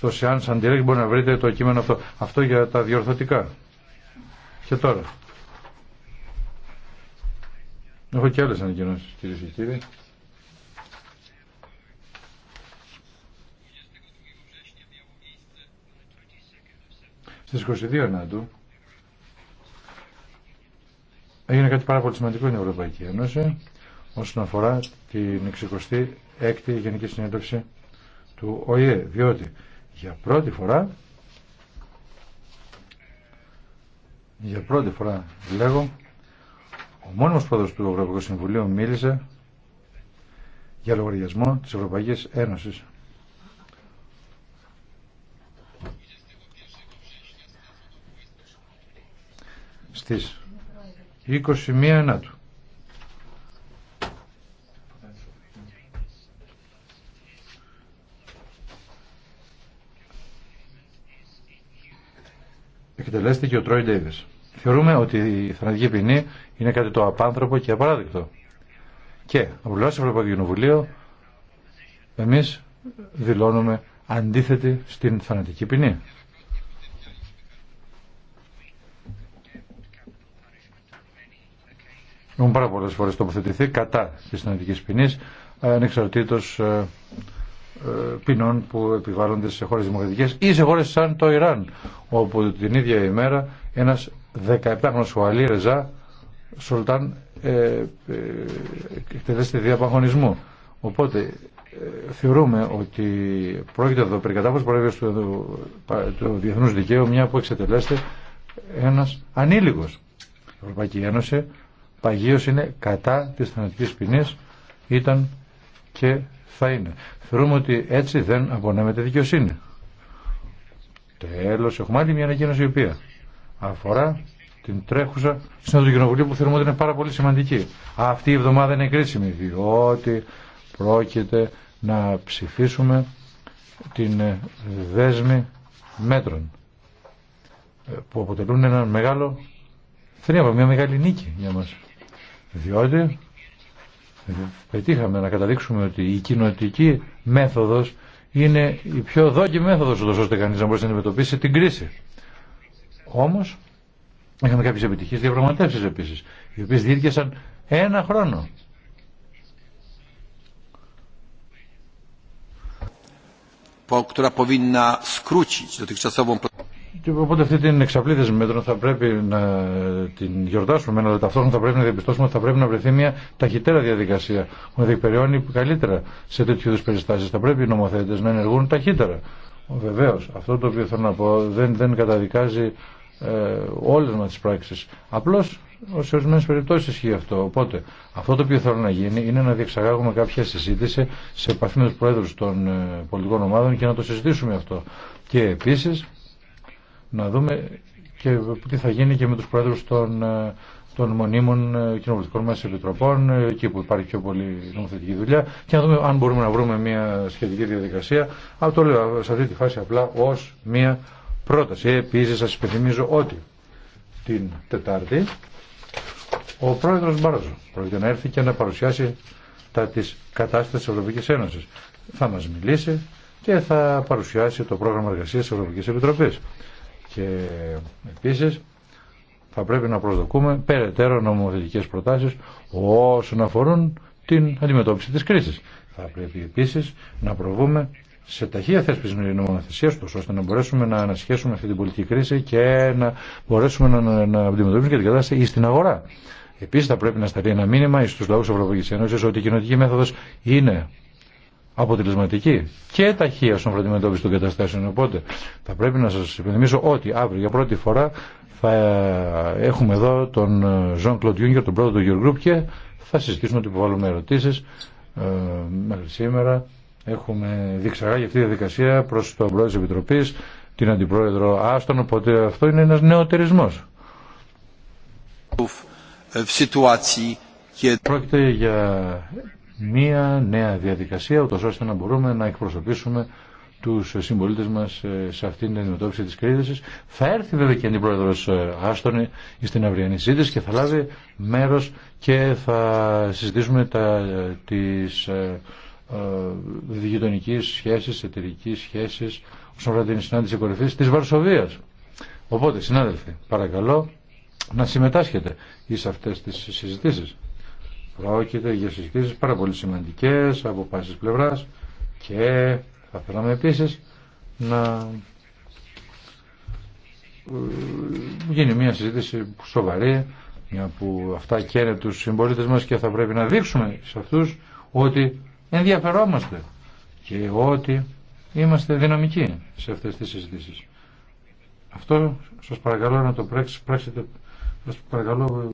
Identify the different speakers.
Speaker 1: στο Σιάν Σαντιρέκ μπορεί να βρείτε το κείμενο αυτό. Αυτό για τα διορθωτικά. Και τώρα. Έχω και άλλες ανακοινώσεις κυρίε και κύριοι. Στις 22 Νάτου έγινε κάτι πάρα πολύ σημαντικό στην Ευρωπαϊκή Ένωση όσον αφορά την 66η Γενική Συνέντευξη του ΟΗΕ, διότι για πρώτη φορά για πρώτη φορά λέγω ο μόνος πρόεδρος του Ευρωπαϊκού Συμβουλίου μίλησε για λογαριασμό της Ευρωπαϊκής Ένωσης. Στις 21 του. εκτελέστηκε ο Τρόι Ντέιβις. Θεωρούμε ότι η θανατική ποινή είναι κάτι το απάνθρωπο και απαράδεκτο. Και από πλευρά του Ευρωπαϊκού Κοινοβουλίου εμεί δηλώνουμε αντίθετη στην θανατική ποινή. Έχουν πάρα πολλέ φορέ τοποθετηθεί κατά της θανατικής ποινής ανεξαρτήτως ε, ε, ποινών που επιβάλλονται σε χώρες δημοκρατικές ή σε χώρες σαν το Ιράν όπου την ίδια ημέρα ένας 17χρονος Αλή Ρεζά Σουλτάν ε, ε, διαπαγωνισμού. Οπότε ε, θεωρούμε ότι πρόκειται εδώ περί κατάφορας παρέμβασης του, του, διεθνούς δικαίου μια που εξετελέστε ένας ανήλικος. Η Ευρωπαϊκή Ένωση παγίως είναι κατά της θανατικής ποινής ήταν και θα είναι. Θεωρούμε ότι έτσι δεν απονέμεται δικαιοσύνη. Τέλος, έχουμε άλλη μια ανακοίνωση η οποία αφορά την τρέχουσα στην του Κοινοβουλίου που θεωρούμε ότι είναι πάρα πολύ σημαντική. Αυτή η εβδομάδα είναι κρίσιμη διότι πρόκειται να ψηφίσουμε την ε, δέσμη μέτρων ε, που αποτελούν ένα μεγάλο θρίαμβο, μια μεγάλη νίκη για μας. Διότι πετύχαμε να καταδείξουμε ότι η κοινοτική μέθοδος είναι η πιο δόκιμη μέθοδος ώστε κανείς να μπορεί να αντιμετωπίσει την κρίση. Όμως είχαμε κάποιες επιτυχίες διαπραγματεύσεις επίσης, οι οποίες διήρκεσαν ένα χρόνο. która powinna skrócić dotychczasową οπότε αυτή την εξαπλίδεση μέτρων θα πρέπει να την γιορτάσουμε, αλλά ταυτόχρονα θα πρέπει να διαπιστώσουμε ότι θα πρέπει να βρεθεί μια ταχυτέρα διαδικασία που να διεκπεριώνει καλύτερα σε τέτοιου είδου περιστάσει. Θα πρέπει οι νομοθέτε να ενεργούν ταχύτερα. Βεβαίω, αυτό το οποίο θέλω να πω δεν, δεν καταδικάζει ε, όλε μα τι πράξει. Απλώ σε ορισμένε περιπτώσει ισχύει αυτό. Οπότε, αυτό το οποίο θέλω να γίνει είναι να διεξαγάγουμε κάποια συζήτηση σε επαφή με του πρόεδρου των ε, πολιτικών ομάδων και να το συζητήσουμε αυτό. Και επίση να δούμε τι θα γίνει και με τους πρόεδρους των, ε, των μονίμων ε, κοινοβουλευτικών μας επιτροπών, ε, εκεί που υπάρχει πιο πολύ νομοθετική δουλειά, και να δούμε αν μπορούμε να βρούμε μια σχετική διαδικασία. Αλλά το λέω σε αυτή τη φάση απλά ως μια πρόταση. Επίσης σας υπενθυμίζω ότι την Τετάρτη ο πρόεδρος Μπάρζο πρόκειται να έρθει και να παρουσιάσει τα της κατάστασης της Ευρωπαϊκής Ένωσης. Θα μας μιλήσει και θα παρουσιάσει το πρόγραμμα εργασίας της Ευρωπαϊκής Επιτροπής. Και επίσης θα πρέπει να προσδοκούμε περαιτέρω νομοθετικές προτάσεις όσον αφορούν την αντιμετώπιση της κρίσης. Θα πρέπει επίσης να προβούμε σε ταχεία θέσπιση νομοθεσία του, ώστε να μπορέσουμε να ανασχέσουμε αυτή την πολιτική κρίση και να μπορέσουμε να, να, αντιμετωπίσουμε και την κατάσταση στην αγορά. Επίση, θα πρέπει να σταθεί ένα μήνυμα στου λαού τη Ευρωπαϊκή Ένωση ότι η κοινωτική μέθοδο είναι αποτελεσματική και ταχεία στον αντιμετώπιση των καταστάσεων. Οπότε θα πρέπει να σα υπενθυμίσω ότι αύριο για πρώτη φορά θα ε, έχουμε εδώ τον Ζων Κλοντ Γιούγκερ, τον πρόεδρο του Eurogroup και θα συζητήσουμε ότι υποβάλλουμε ερωτήσει. ε, μέχρι σήμερα. Έχουμε διεξαγάγει αυτή τη διαδικασία προ τον πρόεδρο τη Επιτροπή, την αντιπρόεδρο Άστον, οπότε αυτό είναι ένα νέοτερισμό. Ε, Πρόκειται για μία νέα διαδικασία, ούτως ώστε να μπορούμε να εκπροσωπήσουμε τους συμπολίτες μας ε, σε αυτήν την αντιμετώπιση της κρίσης. Θα έρθει βέβαια και η Αντιπρόεδρος ε, Άστονη ε, στην αυριανή συζήτηση και θα λάβει μέρος και θα συζητήσουμε τα, τις ε, ε, σχέσεις, εταιρικές σχέσεις όσον αφορά την συνάντηση κορυφής της Βαρσοβίας. Οπότε, συνάδελφοι, παρακαλώ να συμμετάσχετε εις αυτές τις συζητήσεις. Πρόκειται για συζητήσεις πάρα πολύ σημαντικές από πάσης πλευράς και θα θέλαμε επίσης να ε, γίνει μια συζήτηση σοβαρή μια που αυτά είναι τους συμπολίτε μας και θα πρέπει να δείξουμε σε αυτούς ότι ενδιαφερόμαστε και ότι είμαστε δυναμικοί σε αυτές τις συζητήσεις. Αυτό σας παρακαλώ να το πράξετε, σας παρακαλώ